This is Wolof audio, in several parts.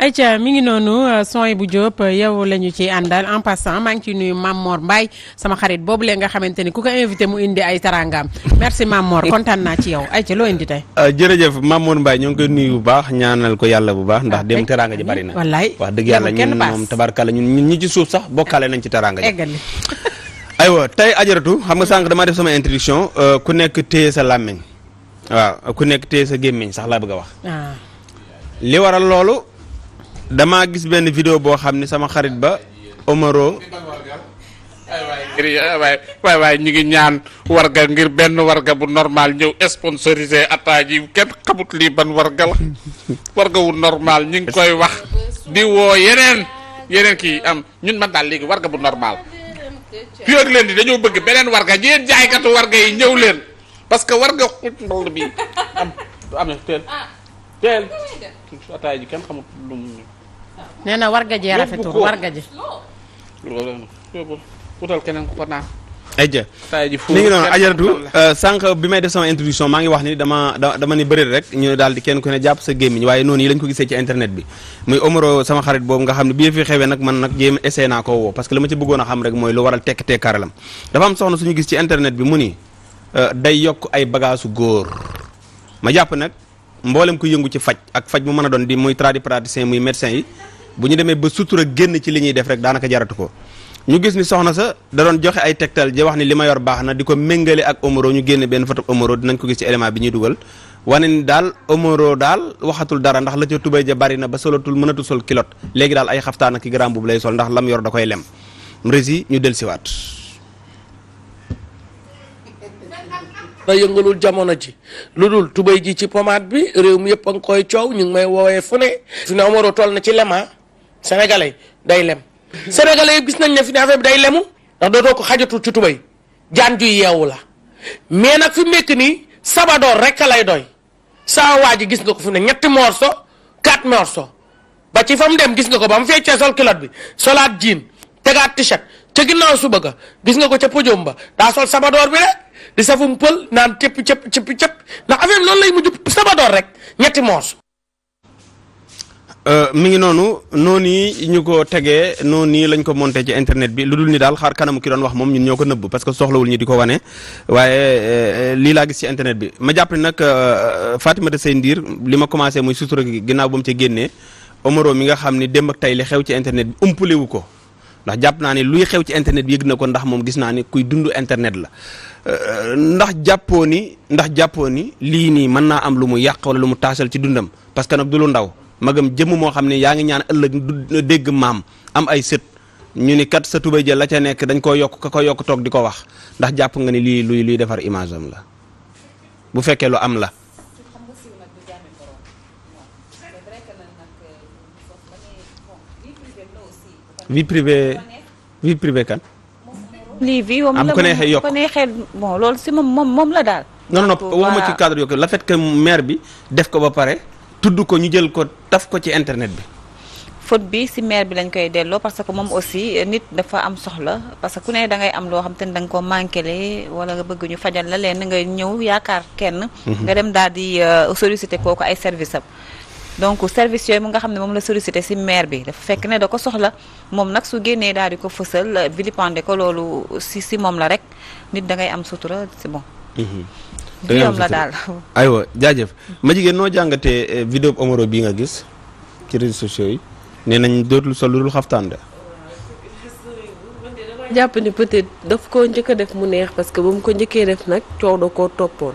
ayca mi ngi noonu euh, son bu Diop euh, yow la ñu ci àndal en passant maa ngi ciy nuyu Mame Mor sama xarit boobu lee nga xamante ni ku ko invité mu indi ay tarangaam merci Mame Mor kontaan naa ci yow ayca loo indi tey. Euh, jërëjëf Mame Mor Mbaye ñoo ngi bu baax ñaanal ko yàlla bu baax ndax dem teranga ji bari na. wallaay wax dëgg yàlla ñun moom tabarkalla ñun ñun ñi ci suuf sax bokkaale nañ ci teranga ji. aywa tey ajaratu xam nga sànq dama def sama introduction ku nekk téye sa làmmiñ waaw ku nekk téye sa gémmiñ sax laa bëgg a wax. Ah. li waral loolu damaa gis benn vidéo boo xam ni sama xarit ba Omaro. waaye waay waay ñu ngi ñaan warga ngir benn warga bu normal ñëw sponsorisé attaques yi kenn xamut lii ban warga la warga wu normal ñu ngi koy wax di woo yeneen yeneen kii am ñun man daal léegi warga bu normal yéeg leen di dañoo bëgg beneen warga yéen jaaykatu warga ñëw leen parce que warga xuj mbal bi am am teel teel ah. attaques yi kenn xamut lu mu nee na warga jee rafetul warga ji. loolu utal keneen ku ko naan. ayja mi ngi noonu ajaratu euh, sànq bi may def sama introduction maa ngi wax ni dama dama ni bëri rek ñu daal di kenn ku ne jàpp sa gémmiñ waaye noonu yi lañ ko gisee ci internet bi muy Omaro sama xarit boobu nga xam ne bi fi xewee nag man nag jéem essayé naa ko woo parce que la ma ci bëggoon a xam rek mooy lu waral tekk tekkaralam dafa am soxna suñu gis ci internet bi mu ni euh, day yokk ay bagaasu góor ma jàpp nag mboolem ku yëngu ci faj ak faj mu mën a doon di muy tradipraticien muy médecin yi bu ñu demee ba sutura génn ci li ñuy def rek daanaka jaratu ko ñu gis ni soxna sa da doon joxe ay tegtal ja wax ni li ma yor baax na di ko méngale ak omoro ñu génne benn foto omoro dinañ ko gis ci élément bi ñuy dugal wane ni daal omoro daal waxatul dara ndax la ca tubay ja bari na ba solatul mënatul sol kilot léegi daal ay xaftaan ak grand boobu lay sol ndax lam yor da koy lem rési ñu del siwaat da yëngalul jamono ji lu dul tubéy ji ci pomaat bi réew mi yëpp a nga may woowee fu ne fi ne omoro na ci lema sénégalais day lem sénégalais gis nañ ne fi affaire bi day lemu ndax dootoo ko xajatul ci tubay jaan ju yeewu la mais nag fi mu nekk nii sabadoor rek lay doy saa waa ji gis nga ko fi ne ñetti morso quatre morso ba ci fa mu dem gis nga ko ba mu feccee sol kilot bi solaat jiin tegaat t-shirt ca ginnaaw suba ga gis nga ko ca podium ba daa sol sabadoor bi rek di safum pël naan cëpp cëp cëpp cëpp ndax affaire bi noonu lay mujj sabadoor rek ñetti morso Euh, mi ngi noonu noonu yi ñu ko tegee noonu yi lañ ko monte ci internet bi lu dul ni daal xaar kanamu ki doon wax moom ñun ñoo ko nëbb parce que soxlawul ñi di ko wane waaye euh, lii laa gis ci internet bi ma jàpp ne nag euh, Fatimata Seye Ndir li ma commencé muy sutura gi ginnaaw ba mu ca génnee Omaro mi nga xam ni démb ak tay li xew ci internet bi wu ko ndax jàpp naa ne luy xew ci internet bi yëg na ko ndax moom gis naa ni kuy dund internet la ndax jàppoo ni ndax jàppoo ni lii nii mën naa am lu mu yàq wala lu mu taasal ci dundam parce que nag du lu ndaw magam jëmm moo xam ne yaa ngi ñaan ëllëg du dégg maam am ay sët ñu ni kat sa tubay jël la ca nekk dañ koo yokk ka ko yokk toog di ko wax ndax jàpp nga ni lii luy luy defar image am la bu fekkee lu am la. vie privée vie privée kan. lii bii moom la ko neexee bon si moom moom la daal. non non waxuma ci cadre yokk la fait maire bi def ko ba pare. tudd ko ñu jël ko taf ko ci internet bi. faute bi ci maire bi lañ koy delloo parce que moom aussi nit dafa am soxla parce que ku ne dangay am loo xam te ne da nga koo manqué wala nga bëgg fajal la leen nga ñëw yaakaar kenn. Mhm. nga dem daal di euh, sollicité kooku ay service am. donc service yooyu nga xam ne moom la sollicité ci maire bi dafa fekk ne da soxla moom nag su génnee daal di ko fësal vilipendé ko loolu ci ci moom la rek nit da am sutura c'est mhm. viom la daal aywa jaajëf ma jigéen noo jàngatee eh, vidéo Omaro bii nga gis ci réseaux sociaux yi nee nañ dootul sol lu dul xaftaan de jàpp ni peut-être daf ko njëkk a def mu neex parce que ba mu ko njëkkee def nag coow da koo toppoon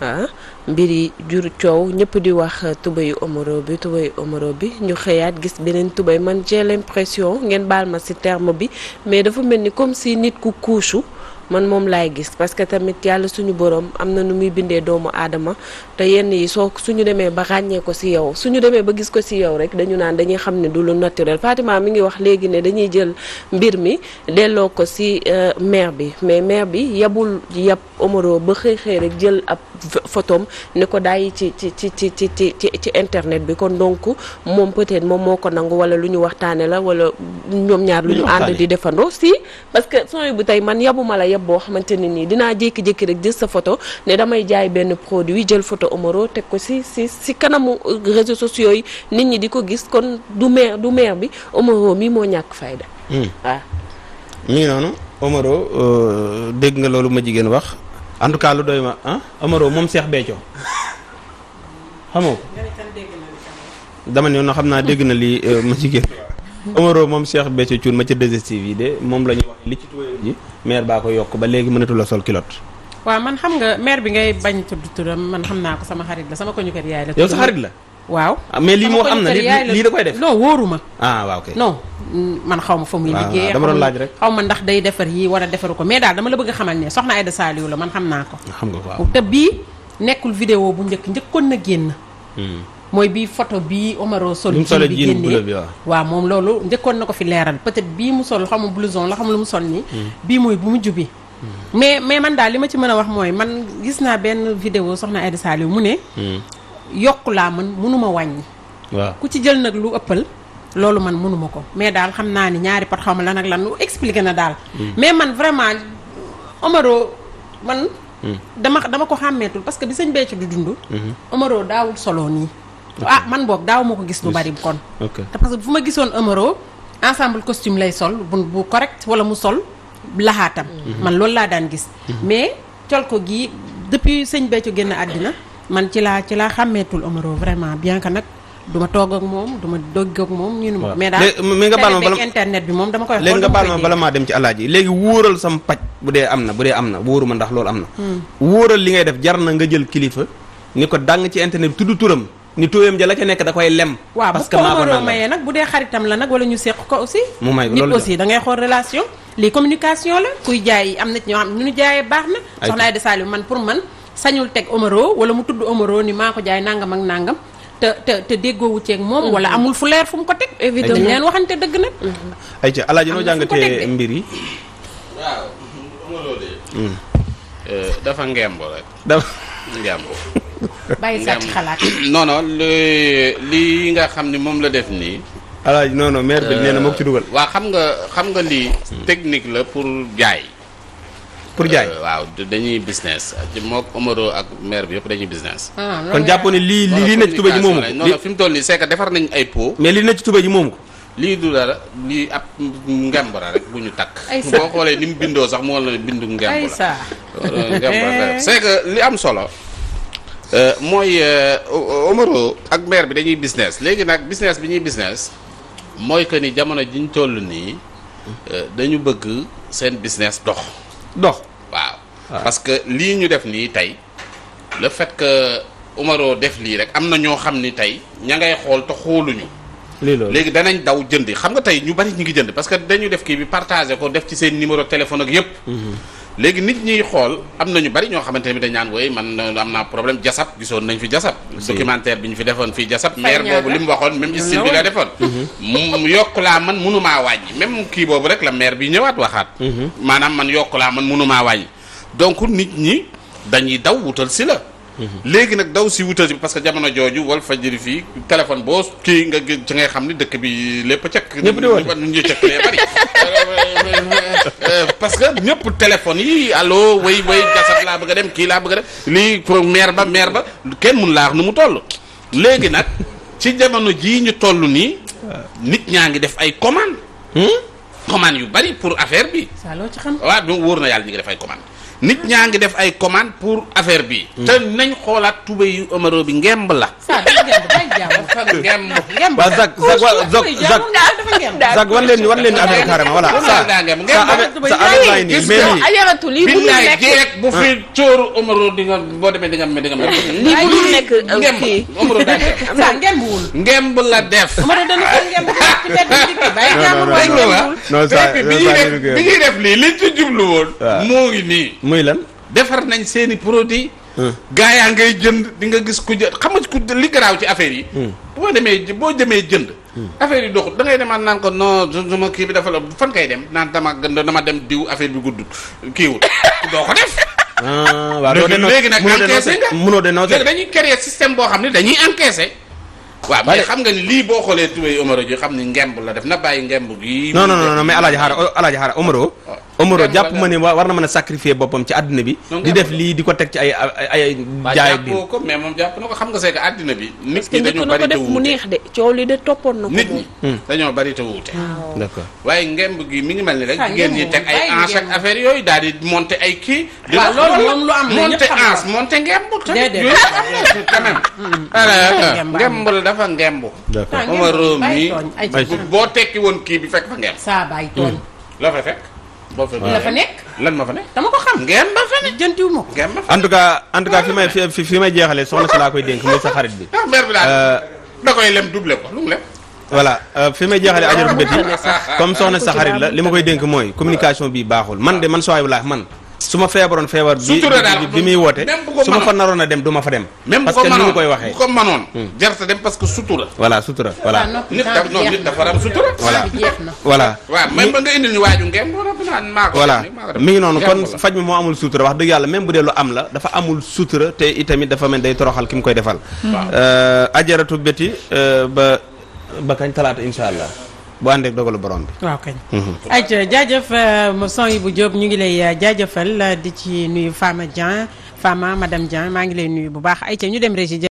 ah mbir yi jur coow ñëpp di wax tubayu Omaro bi tubayu Omaro bi ñu xëyaat gis beneen tubay man j'ai l'impression ngeen baal ma si terme bi mais dafa mel ni comme si nit ku kuusu man moom laay gis parce que tamit yàlla suñu borom am na nu muy bindee doomu aadama te yenn yi soo suñu demee ba ràññee ko si yow suñu demee ba gis ko si yow rek dañu naan dañuy xam ne du lu naturel Fatima mi ngi wax léegi ne dañuy jël mbir mi delloo ko si euh, mère bi mais mère bi yabul yab Omaro ba xëy xëy rek jël ab photom ne ko daay ci ci ci ci ci ci internet bi kon donc moom peut-être moom moo ko nangu wala lu ñu waxtaane la wala ñoom ñaar lu ñu ànd di defandoo si yëpp boo xamante ne nii dinaa jékki-jékki rek jël sa photo ne damay jaay benn produit jël photo Omaro teg ko si si kanamu euh, réseaux sociaux yi nit ñi di ko gis kon du maire du maire bi Omaro mi moo ñàkk fayda waaw hmm. ah. noonu Omaro euh, dégg nga loolu ma jigéen wax en tout cas lu doy ma ah Omaro moom Cheikh Béthio xamoo ko dama ne woon xam naa dégg na lii euh, ma jigéen Omaro moom Cheikh Béthio Thioune ma ca 2STV de moom la ñuy wax li ci tuwaayam ji maire baa ko yokk ba léegi mënatu sol kilote waaw man xam nga maire bi ngay bañ tudd turam man xam naa ko sama xarit la sama ko ñu kër yaay la yow sa xarit la waaw ah, mais lii moo am na lii da koy def non wóoruma ah waaw kay non man xaw ma fa muy ah, liggéey dama doon laaj rek xaw ma ndax day defar yi wala defaru ko mais daal dama la bëgg a xamal ne soxna Aïda Saliou la man xam naa ko xam nga ko waaw te bii nekkul vidéo bu njëkk njëkkoon na génn hmm. mooy bii photo bii Omaro sol bi génnee waaw moom loolu njëkkoon na ko fi leeral peut bii mu sol xamu blouson la xam lu mu sol nii hmm. bii mooy bu mu jubi hmm. mais mais man daal li ma ci mën a wax mooy man gis naa benn vidéo soxna Aïda Saliou mu ne hmm. yokk laa man mënuma wàññi waaw ku ci jël nag lu ëppal loolu man mënuma ko mais daal xam naa ni ñaari pot xaw ma lan ak lan expliqué na daal mais man vraiment Omaro man dama dama ko xàmmeetul parce que bi sëñ Béthio di dund Omaro solo nii ah man boog daaw ma ko gis lu bari kon. te parce que fu ma gisoon Omaro ensemble costume lay sol bu bu correct wala mu sol laxaatam. Mhm. man loolu laa daan gis. Mhm. mais col ko gii depuis sëñ Béthio génn àddina man ci laa ci laa xàmmeetul Omaro vraiment bien que nag. du ma toog ak moom du ma dogg ak moom. ñu ma mais daal mais ma bala internet bi moom dama koy. léegi nga baal ma bala maa dem ci alaaji léegi wóoral sam paj bu dee am na bu dee am na wóoru ma ndax loolu am na. Hmm. wóoral li ngay def jar na nga jël kilifa. ni ko dàng ci internet bi tudd turam. ni tooyam ja la ca nekk da koy lem. parce que maa ko nangam nag bu dee xaritam la nag wala ñu seq ko aussi. mu may loolu nit aussi da ngay xool relation. lii communication la kuy jaay am na ci ñoo xam ne ñu jaayee baax na. soxna Aida Saliou man pour man sañul teg Omaro wala mu tudd Omaro ni maa ko jaay nangam ak nangam. te te déggoo déggoowu ceeg moom. wala mm-hmm. amul fu leer fu mu ko teg. évidemment leen waxante dëgg nag. Mm-hmm. ay ca alaaji noo jàngatee mbir yi. waaw Omaro bàyyi sa xalaat. non nga xam ni moom la def nii. alaaji non non maire bi euh, nee na ci dugal. waa xam nga xam nga lii. technique la pour jaay. pour jaay euh, waaw dañuy business moo Omaro ak maire bi yëpp dañuy business. Ah, kon jàpp ne lii lii na ci tuba ji moomu ko. fi mu toll nii c'est defar nañ ay pots. mais lii na ci tuba ji moomu ko. lii du dara lii ab ngembara rek bu ñu takk. boo xoolee ni mu bindoo sax moo la bindu ngembara. ay saa c'est que li am solo. Euh, mooy euh, Omaro ak maire bi dañuy business léegi nag business bi ñuy business mooy que ni jamono jiñ toll nii euh, dañu bëgg seen business dox. dox waaw. Ah. parce que lii ñu def nii tey le fait que Omaro def lii rek am na ñoo xam ni tey ña ngay xool te xooluñu. léegi danañ daw jënd xam nga tey ñu bari ñu ngi jënd parce que dañu def kii bi partagé ko def ci seen numéro téléphone ak yépp. Mm-hmm. léegi nit ñiy xool am na ñu bari ñoo xamante ne bi dañ naan wooy man am naa problème jasab gisoon nañ fi jasab documentaire bi ñu fi defoon fii jasab maire boobu li mu waxoon même style bi la defoon mu mhm. mm, yokk laa man munumaa wàññi même kii boobu rek la maire bi ñëwaat waxaat mhm. maanaam man yokk laa man munumaa wàññi donc nit ñi dañuy daw wutal si la Mhm. léegi nag daw si wutal bi parce que jamono jooju wal fajiri fii téléphone boo kii nga ci ngay xam ni dëkk bi lépp cekk ñëpp di woote ñu cekk lee parce que ñëpp téléphone yi allo way way gasat laa bëgg a dem kii laa bëgg a dem lii pour maire ba maire ba kenn mun laax nu mu toll léegi nag ci jamono jii ñu toll nii nit ñaa ngi def ay commande hmm? commande yu bari pour affaire bi. saa loo ci xam. waaw donc wóor na yàlla ñu ngi def ay commande nit ñaa ngi def ay commande pour affaire bi hmm. te nañ xoolaat tubéy yu amaro bi ngemb la waaw wa Zak Zak Zak leen wan leen affaire carrément boo demee di nga di nga lii bu nekk euh, ngemb sa ngemb wul ngemb la def bi ñuy def lii liñ ci woon moo ngi nii muy lan defar nañ seeni i produit hmm. gaa yaa ngay jënd di nga gis ku jë xam nga ku li garaaw ci affaire yi hmm. boo demee boo demee jënd hmm. affaire yi doxut da ngay demaat naan ko non ma kii bi dafa la fan kay dem naan dama gën dama dem diw affaire bi guddut kiiwul doo ko def ah, waaw léegi nag encaissé nga mënoo de noter léegi dañuy créer système boo xam ne dañuy encaissé waaw mais xam nga ni lii boo xoolee tubéy Omaro ji xam ni ngemb la def na bàyyi ngemb gi. non non non mais alaaji xaara alaaji xaara Omaro. Oh. Omaro jàpp ma ne war na mën a sacrifier boppam ci àddina bi. di def lii di ko teg ci ay ay jaay ko mais moom jàpp na ko xam nga c'est que àddina bi. nit ñi dañoo bari te wuute mu neex de coow li de toppoon na ko nit ñi hmm. dañoo bari te wuute. d'accord waaye ngemb gi mi ngi mel ni rek. Ah, jigéen ñi teg ay anse ak yooyu daal di monter ay kii. waaw loolu moom lu am la ñëpp xam nga monter anse monter ngemb. déedéet dafa ngembu. d'accord Omar boo tekki woon kii bi fekk fa ngemb. saa bàyyi tooñ. Hmm. la fa fekk. boo fa la fa nekk. lan ma fa nekk dama ko xam. ngemb fa nekk jëntiw ma ko. en tout cas en tout cas fi may fi fi may jeexalee soxna si laa koy dénk muy sa xarit bi. ah mère bi laa euh, da koy lem doublé ko lu mu lem. voilà euh, fi may jeexalee ajaratu ah, bët yi comme soxna sa xarit la li ma koy dénk mooy communication bi baaxul man de man soo ay man. su ma feebaroon feebar bi bi muy woote su ma fa naroon a dem du ma fa dem parce que ni mu koy waxee ko manoon hmm. jarta dem parce que sutura voilà sutura voilà nit dafa noonu nit dafa am sutura voilà waaw même ba nga indil ñu waaju ngeen maa ko voilà mi ngi noonu kon faj mi moo amul sutura wax dëgg yàlla même bu dee lu am la dafa amul sutura te itamit dafa mel day toroxal ki mu koy defal hmm. euh, ajaratu béti euh, ba ba kañ talaata insha allah bu ànd ak dogalu borom bi. waaw kañ. Mhm. ayca jaajëf euh, son yi bu Diop ñu ngi lay euh, jaajëfal euh, di ci nuyu faama Dieng Fama madame Dieng maa ngi lay nuyu bu baax ay ayca ñu dem régie